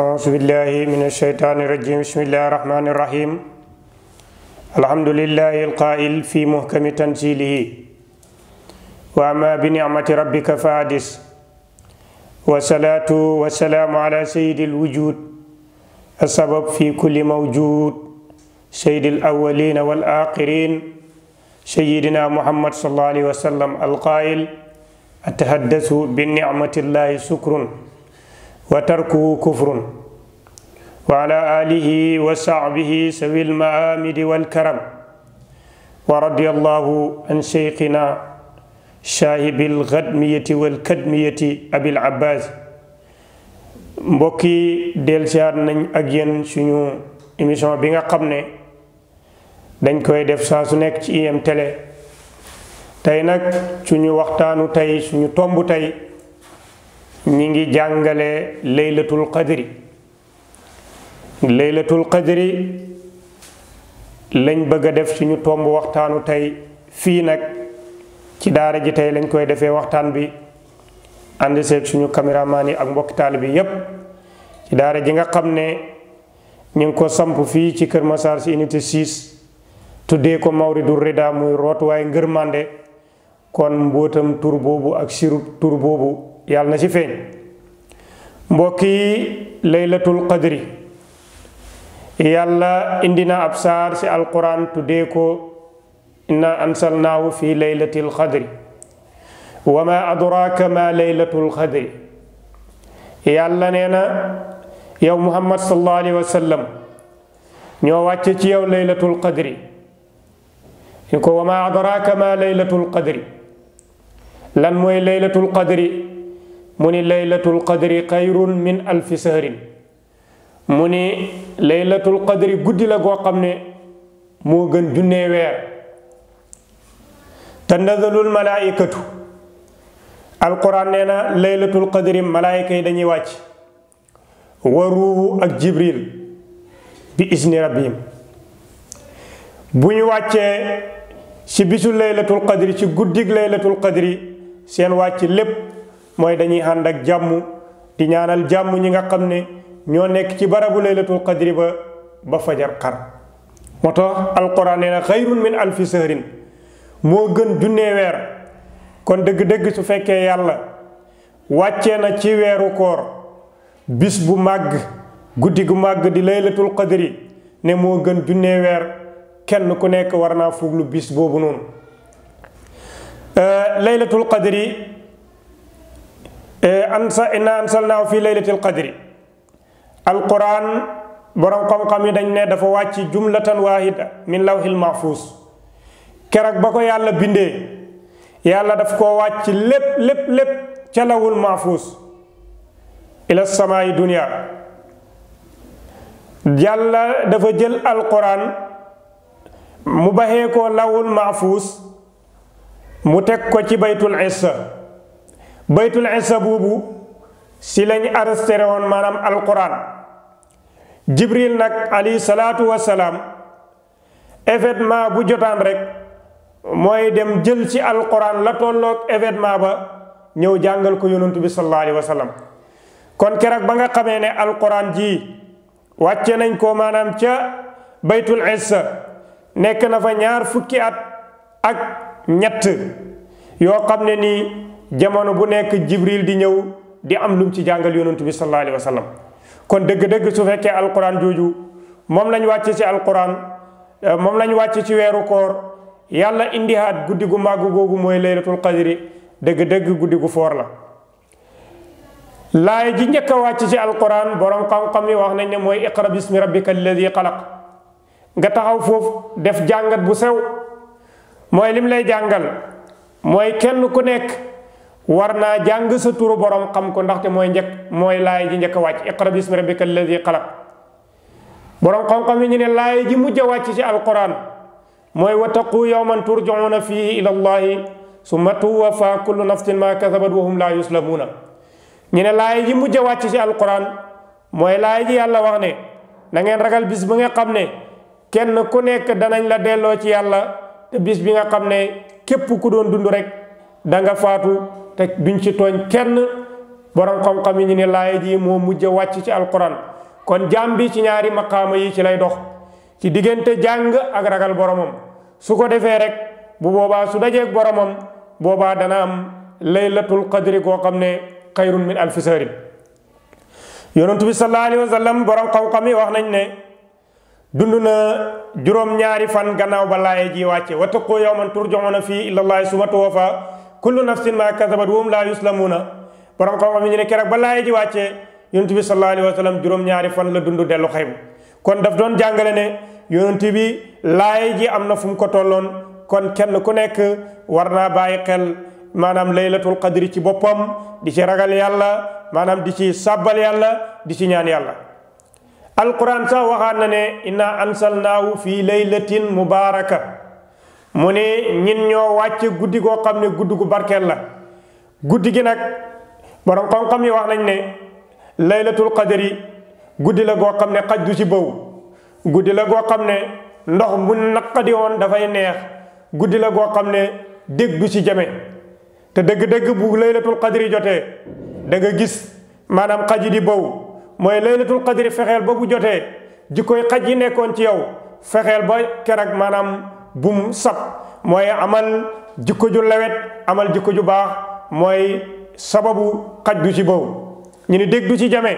أعوذ بالله من الشيطان الرجيم بسم الله الرحمن الرحيم الحمد لله القائل في محكم تنزيله وأما بنعمة ربك فادس وصلاة والسلام على سيد الوجود السبب في كل موجود سيد الأولين والآخرين سيدنا محمد صلى الله عليه وسلم القائل أتحدث بنعمة الله سكر وتركه كفر وعلى آله وصحبه سوي المآمد والكرم ورضي الله عن شيخنا شاهب الغدمية والكدمية أبي العباس بوكي ديل siyaar nañ ak yéen suñu émission قبني dañ koy def saa su nekk ci IM télé tey nag suñu waxtaanu tey suñu tomb tey ñi ngi jàngale laylatul qadri laylatul qadri lañ bëgg def suñu tomb waxtaanu tey fii nag ci daara ji tey lañ koy defee waxtaan bi ànd seet suñu caméraman yi ak mbokki taalibe bi yépp ci daara ji nga xam ne ñu ngi ko samp fii ci Kër Massar si unité 6 tuddee ko mawridu rida muy root waaye ngër kon mbóotam tur boobu ak sirub tur yàlla na ci feeñ mbokk yi laylatul qadri yàlla indi na ab saar ci alquran tuddee ko inna ansalnaahu fi laylati lqadri wa ma adraka ma laylatu lqadri yàlla nee na yow muhammad sallallahu wa sallam ñoo wàcce ci yow laylatul qadri ñu ko wa maa adraaka maa laylatul qadri lan mooy laylatul qadri mu ni laylatul qadri xayrun min alfi sahrin mu ni laylatul qadri guddi la goo xam ne moo gën junnee weer tanazalul malaaikatu alquran nee na laylatul qadri malaayika yi dañuy wàcc wa ruuhu ak jibril bi isni rabbihim bu ñu wàccee ci bisu laylatul qadri ci guddig laylatul qadri seen wacc lepp moy dañuy ànd ak jamu. di ñaanal jamm ñi nga xamne ño nek ci barabu laylatul qadri ba ba fajar xar moto alquran na min alfi sahrin mo gën junnee wer kon deug deug su fekke yalla wacce na ci wéru koor bis bu mag guddi mag di laylatul qadri ne mo gën junnee كن كنك ورنا فوغلو بيس بوبو نون ليلة القدر أنسى إن أنسلنا في ليلة القدر القرآن برام قم قمي دنيا دفواتي جملة واحدة من لوح المحفوظ كرك بكو يالا بنده يالا دفكو واتي لب لب لب تلو المحفوظ إلى السماء الدنيا يالا دفجل القرآن القرآن mu baxee ko lawul maafuus mu teg ko ci baytul issa baytul issa boobu ci lañ arrêté woon maanaam alquran jibril nag alayhi salaatu wasalaam événement bu jotaan rek mooy dem jël ci alquran la tolloog événement ba ñëw jàngal ko yonent bi sallallahu alayhi kon keroog ba nga xamee ne alquran ji wàcce nañ ko maanaam ca baytul issa nekk na fa ñaar fukki at ak ñett yoo xam ne nii jamono bu nekk jibril di ñëw di am lum ci jàngal yonantu bi sallallahu alayhi kon dëgg-dëgg su fekkee alquran jooju moom lañ wàcc ci alquran euh, moom lañ wàcc ci weeru koor yàlla indi indihaat guddi gu màgg googu mooy laylatul qadri dëgg-dëgg guddi gu foor la laay ji njëkk a wàcc ci alquran borom xam-xam yi wax nañ ne mooy iqra bismi rabbika alladi nga taxaw foofu def jàngat bu sew mooy lim lay jàngal mooy kenn ku nekk war naa jàng sa turu borom xam ko ndaxte mooy njëkk mooy laay ji njëkk a wàcc iqra bismi rabbika alladi borom xam-xam yi ñu ne laay ji mujj a wàcc ci mooy wattaqu yawman turjauna fihi ila allahi summa tuwafa kullu ma kasabat wa hum a wàcc yàlla wax ne na ragal bis nga xam ne kenn ku nekk danañ la delloo ci yàlla te bis bi nga xam ne képp ku doon dund rek danga nga faatu te duñ ci tooñ kenn borom xam-xam yi ñu ne laaya ji moo mujj wàcc ci alquran kon jaam bi ci ñaari maqaama yi ci lay dox ci diggante jàng ak ragal boromam su ko defee rek bu boobaa su dajeeg boromam boobaa dana am laylatul qadri koo xam ne xayrun min alfi sahrin bi sallallahu alayhi wa borom xam-xam yi wax nañ ne dund na juróom-ñaari fan gannaaw ba laaye ji wàcce wattaqu yawman turjauna fii ilallahi summa tuwafa kullu nafsin ma kasabat wahum laa yuslamuuna borom xam-xam yi ñu ne keroog ba laaye ji wàcce yonent bi sallallahu alayhi wa sallam juróom-ñaari fan la dund dellu xaybu kon daf doon jàngale ne yonent bi laaye ji am na fu mu ko tolloon kon kenn ku nekk war naa bàyyi xel maanaam laylatul qadri ci boppam di ci ragal yàlla maanaam di ci sabal yàlla di ci ñaan yàlla alquran sax waxaat na ne inna ansalnaahu fii laylatin mubaaraka mu ne ñin ñoo wàcce guddi goo xam ne guddi gu barkeel la guddi gi nag borom xam-xam yi wax nañ ne laylatul qadri guddi la goo xam ne xaj du ci bëw guddi la goo xam ne ndox mu naqadi woon dafay neex guddi la goo xam ne dégg du ci jame te dégg dégg bu laylatul qadri jotee danga gis maanaam xaju di bëw mooy laylatul qadri fexeel ba bu jotee jikkoy xaj yi nekkoon ci yow fexeel ba keroog maanaam bum sab mooy amal jikko ju lewet amal jikko ju baax mooy sababu xaj du ci boobu ñu ni dégg du ci jame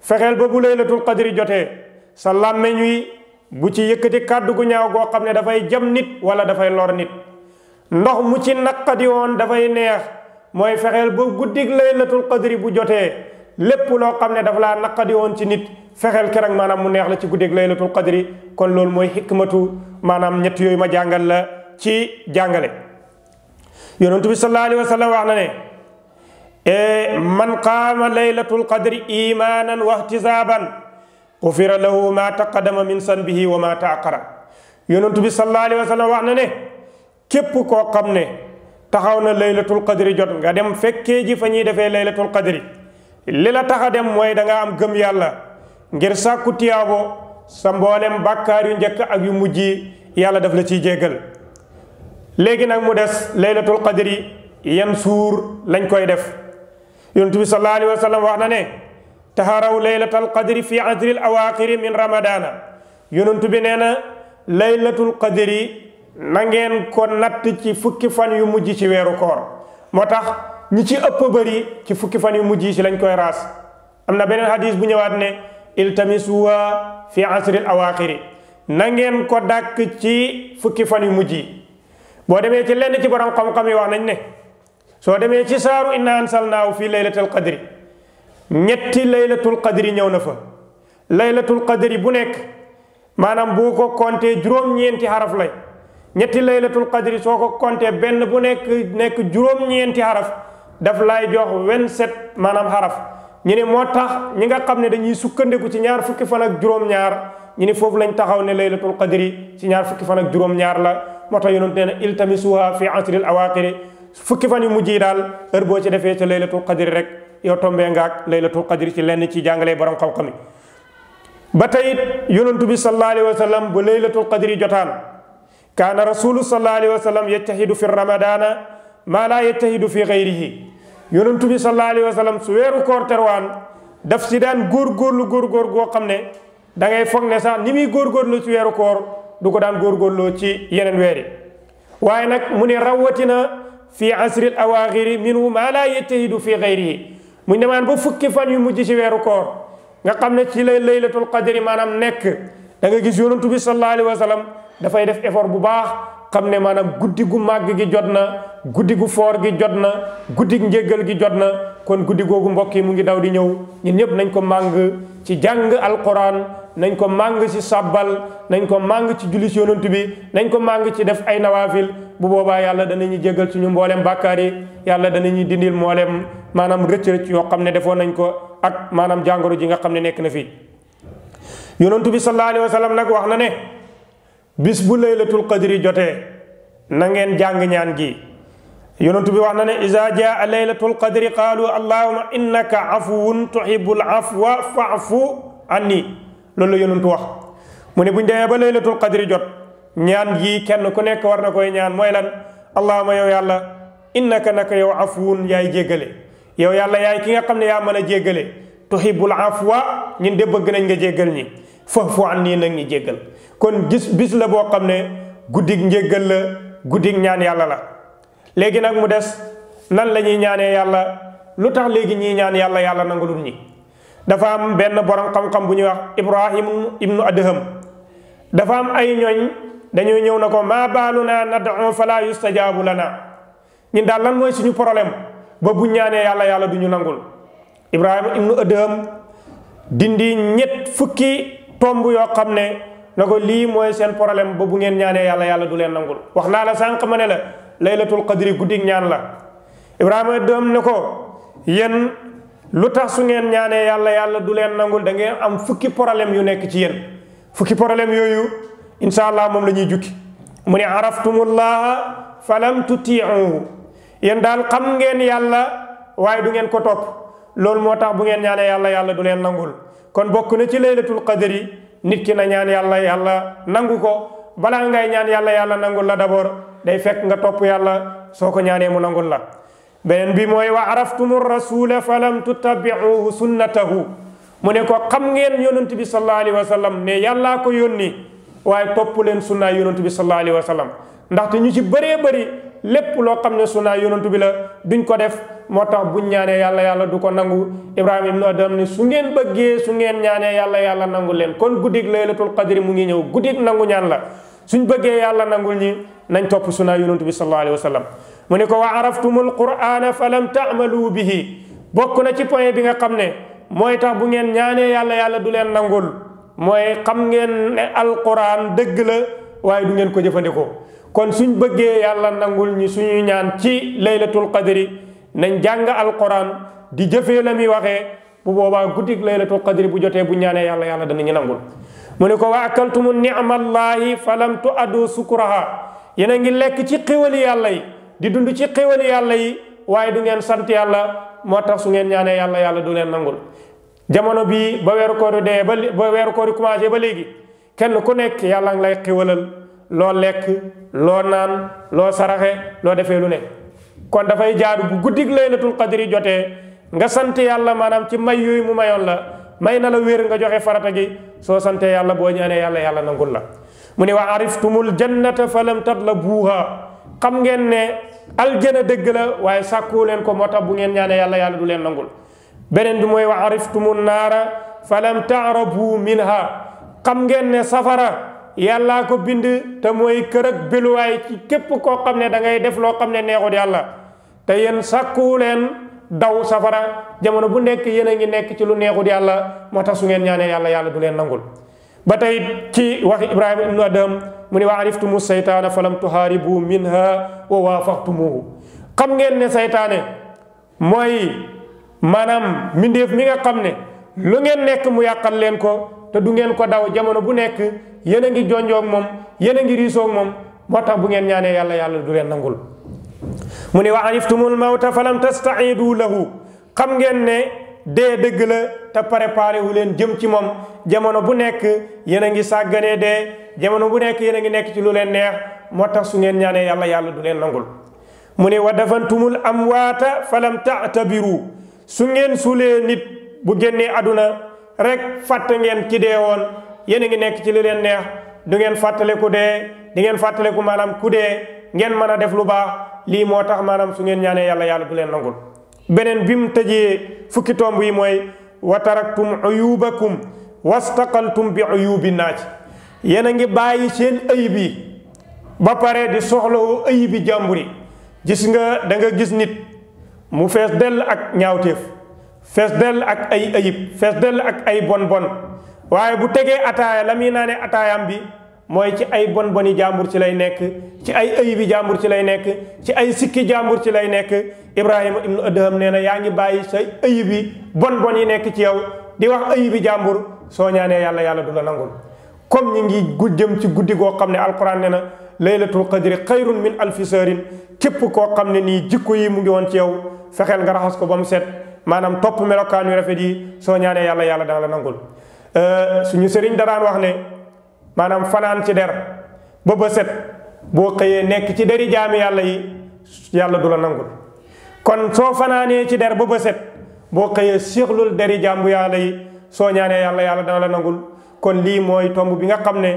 fexeel ba bu laylatul qadri jotee sa làmmeñ wi bu ci yëkkati kàddu gu ñaaw goo xam ne dafay jam nit wala dafay lor nit ndox mu ci naqadi woon dafay neex mooy fexeel ba guddig laylatul qadri bu jotee lépp loo xam ne dafa laa naqadi woon ci nit fexeel keroog maanaam mu neex la ci guddeeg laylatul qadri kon loolu mooy xikmatu maanaam ñett yooyu ma jàngal la ci jàngale yonentu bi sallallahu wa sallam wax na ne e, man qaama laylatul kadri imanan wa ihtisaban gufira lahu ma taqaddama min sanbihi wa ma bi sallallahu alayhi wa sallam wax na ne képp koo xam ne taxaw na laylatul qadri jot nga dem fekkee ji fa ñuy defee laylatul qadri li la tax a dem mooy danga am gëm yàlla ngir sàkku tiyaabo sa mboolem bàkkaar yu njëkk ak yu mujj yi yàlla def la ciy jéegal léegi nag mu des laylatul qadri yan suur lañ koy def yonent bi sallallahu alayhi wa wax na ne taxaraw laylatul qadri fi asril awaaxiri min ramadaana yonent bi nee na laylatul qadri na ngeen ko natt ci fukki fan yu mujj ci weeru koor moo tax ñi ci ëpp bëri ci fukki fan yu mujj yi ci lañ koy raas am na beneen hadis bu ñëwaat ne iltamisuwa fi asril awaaxiri na ngeen ko dàkk ci fukki fan yu mujj yi boo demee ci lenn ci borom xam-xam yi wax nañ ne soo demee ci saaru inna ansalnaahu fii laylatul kadri ñetti laylatul qadri ñëw na fa laylatul qadri bu nekk maanaam boo ko compté juróom-ñeenti xaraf lay ñetti laylatul qadri soo ko compté benn bu nekk nekk juróom-ñeenti xaraf daf lay jox 27 maanaam xaraf ñu ne moo tax ñi nga xam ne dañuy sukkandiku ci ñaar fukki fan ak juróom-ñaar ñu ne foofu lañ taxaw ne laylatul qadri ci ñaar fukki fan ak juróom-ñaar la moo yonent nee iltamisuha fi asril awaqiri fukki fan yu mujj yi daal heure boo ci defee ca laylatul qadri rek yow tombee ngaak laylatul qadri ci lenn ci jàngalee borom xam-xam ba tey yonent bi sallallahu alayhi wa bu laylatul qadri jotaan kaana rasulu sallallahu alayhi wa sallam yettahidu fi ramadana maa laa yettahidu fi gayrihi yonentu bi sallallahu alayhi wa sallam su weeru koor terwaan daf si daan góorgóorlu góorgóor goo xam ne da ngay foog ne sax ni muy góorgóorlu ci weeru koor du ko daan góorgóorloo ci yeneen weer yi waaye nag mu ne rawatina fi asri al awaaxiri minhu maa laa yettahidu fi gayrihi mu demaan ba fukki fan yu mujj ci weeru koor nga xam ne ci lay laylatul qadri maanaam nekk da nga gis yonentu bi sallallahu alayhi wa dafay def effort bu baax xam ne maanaam guddi gu màgg gi jot na guddi gu jodna, gi jotna na gi jotna kon guddi googu mbokk mu ngi daw di ñew ñin ñep nañ ko mang ci jang alquran nañ ko mang ci sabbal nañ ko mang ci julis yonent bi nañ ko mang ci def ay nawafil bu yalla yàlla danañu jéggal ci ñu mboolem bàkkaar yi yàlla danañu dindil mbolem manam recc recc yo xamne defo nañ ko ak manam jangoro ji nga xamne nek na fi yonent bi sallallahu alaihi wasallam nak wax na ne bis bu laylatul qadri joté na ngeen jang ñaan gi yonent bi wax na ne iza jaa laylatul qadri qaalu allahumma innaka afuwun tuhibbul afwa fa'fu anni loolu la yonent wax mu ne buñ demee ba laylatul qadri jot ñaan gii kenn ku nekk war na koy ñaan mooy lan allahumma yow yàlla innaka naka yow afuwun yaay jéggale yow yàlla yaay ki nga xam ne yaa mën a jéggale tuhibbul afwa ñun de bëgg nañ nga jéggal ñi fa'fu anni nag ñi jéggal kon gis bis la boo xam ne guddig njéggal la guddig ñaan yàlla la léegi nag mu des nan la ñuy ñaanee yàlla lu tax léegi ñiy ñaan yàlla yàlla nangulul ñi dafa am benn borom xam-xam bu ñuy wax ibrahim ibnu adham dafa am ay ñooñ dañuy ñëw na ko maa baalu naa na nad'u fala yustajaabu naa ñun daal lan mooy suñu problème ba bu ñaanee yàlla yàlla du ñu nangul ibrahim ibnu adham dindi ñett fukki tomb yoo xam ne na ko lii mooy seen problème ba bu ngeen ñaanee yàlla yàlla du leen nangul wax naa la sànq ma ne la laylatul qadri guddik ñaan la ibrahima doom ne ko yéen lu tax su ngeen ñaanee yàlla yàlla du leen nangul da ngeen am fukki problème yu nekk ci yéen fukki problème yooyu incha allah moom la ñuy jukki mu ne araftumullaha falam tutiihu yéen daal xam ngeen yàlla waaye du ngeen ko topp loolu moo tax bu ngeen ñaanee yàlla yàlla du leen nangul kon bokk na ci laylatul qadri nit ki na ñaan yàlla yàlla nangu ko balaa ngay ñaan yàlla yàlla nangul la d'abord day fek nga top yalla soko ko mu nangul la benen bi moy wa rasul fa lam tuttabi'u sunnatahu mune ko xam ngeen yonent bi sallallahu alaihi wasallam ne yalla ko yonni waaye top len sunna yonent bi sallallahu alaihi wasallam sallam ndaxte ñu ci bëré bëri lepp lo xamne ne sunnaa yonent bi la duñ ko def motax tax buñ ñaanee yalla yàlla du ko nangu ibrahim ibnu adam ni su ngeen sungen su ngeen ñaanee yalla yalla nangul len kon guddik laylatul qadr mu ngi ñew guddik nangu ñaan la suñ bëggee yàlla nangul ñi nañ topp naa yonent bi sallallahu alayhi wa sallam mu ne ko wa araftumul qur'ana fa lam bi bihi bokk na ci point bi nga xam ne mooy tax bu ngeen ñaanee yàlla yàlla du leen nangul mooy xam ngeen ne dëgg la waaye du ngeen ko jëfandikoo kon suñ bëggee yàlla nangul ñi suñu ñaan ci laylatul qadri nañ jàng alquran di jëfee la muy waxee bu boobaa guddik laylatul qadri bu jotee bu ñaanee yàlla yàlla danañu nangul mu ko wa akaltumu ni'amallahi falam tu'adu sukuraha yena ngi lek ci xewal yalla yi di dund ci xewal yalla yi waaye du ngeen sant yalla moo tax su ngeen ñaané yalla yalla du leen nangul jamono bi ba weeru ko de ba ba weeru commencé ba légui kenn ku nekk yalla ng lay xewalal lo lek lo nan lo saraxé lo défé lu ne kon fay jaar bu guddig laylatul qadri joté nga sant yalla manam ci mayuy mu mayon la may na la wër nga joxe farata gi so sante yalla bo ñane yalla yalla nangul la mu wa ariftumul jannata falam tatlabuha xam ngeen ne aljana dëgg la waaye sàkkoo len ko mota bu ngeen ñane yalla yalla du len nangul benen bi moy wa ariftumun nara falam taarabu minha xam ngeen ne safara yalla ko bind te moy kër ak way ci kep ko xamne da ngay def lo xamne neexu yalla te sakku len daw safara jamono bu nek yéen ngi nek ci lu neexul yàlla moo tax su ngeen ñaané yalla yalla du leen nangul ba ci wax ibrahim ibn adam muni wa ariftumu seytaana falam tuharibu minha wa wafaqtumu xam ngeen ne seytaane moy manam mindeef mi nga xamne lu ngeen nek mu yakal leen ko te du ngeen ko daw jamono bu nek yéen ngi jonjoog mom yéen ngi riisoog mom moo tax bu ngeen ñaané yalla yalla du leen nangul mu wa aniftumul mauta falam tastaidu lahu xam ngeen ne dee deug la ta préparé wu leen jëm ci mom jamono bu nek yéen ngi sagane dee jamono bu nek yéen ngi nek ci lu neex moo tax su ngeen ñaanee yalla yalla du len nangul mu wa dafantumul amwata falam ta'tabiru su ngeen sule nit bu génnee aduna rek fat ngeen ki dee won yéen ngi nek ci lu dengan neex du ngeen ku dee di ngeen fàttale ku ku dee ngeen mën def lu baax lii moo tax maanaam su ngeen ñaanee yàlla yàlla du leen nangul beneen bi mu tëjee fukki tomb yi mooy wa taraktum uyubakum wastaqaltum bi uyubi naaj yéen a ngi bàyyi seen ayib ba pare di soxlawoo ayibi jàmbur yi gis nga danga gis nit mu fees dell ak ñaawteef fees dell ak ay ayib fees dell ak ay bon bon waaye bu tegee ataaya la ataayam bi mooy ci ay bon boni jàmbur ci lay nekk ci ay ayibi jàmbur ci lay nekk ci ay sikki jàmbur ci lay nekk Ibrahima ibnu Adham nee na yaa ngi bàyyi say ayibi bon bon yi nekk ci yow di wax ayibi jàmbur soo ñaanee yàlla yàlla du la nangul comme ñu ngi jëm ci guddi goo xam ne alquran nee na laylatul qadri xayrun min alfi sërin képp koo xam ne nii jikko yi mu ngi woon ci yow fexeel nga raxas ko ba mu set maanaam topp melokaan yu rafet yi soo ñaanee yàlla yàlla dana la nangul euh, suñu maanaam fanaan ci der ba ba set boo xëyee nekk ci deri jaami yàlla yi yàlla du la nangul kon soo fanaanee ci der ba ba set boo xëyee séexlul deri jàmbu yàlla yi soo ñaanee yàlla yàlla dana la nangul kon lii mooy tomb bi nga xam ne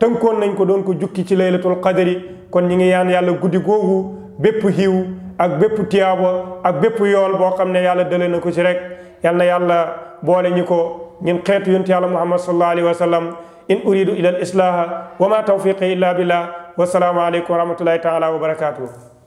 tënkoon nañ ko doon ko jukki ci laylatul qadari kon ñi ngi yaan yàlla guddi googu bépp xiiw ak bépp tiyaaba ak bépp yool boo xam ne yàlla dële na ko ci rek yal yàlla boole ñu ko ñun xeetu yonent yàlla muhammad sallallahu alayhi إن أريد إلى الإصلاح وما توفيقي إلا بالله والسلام عليكم ورحمة الله تعالى وبركاته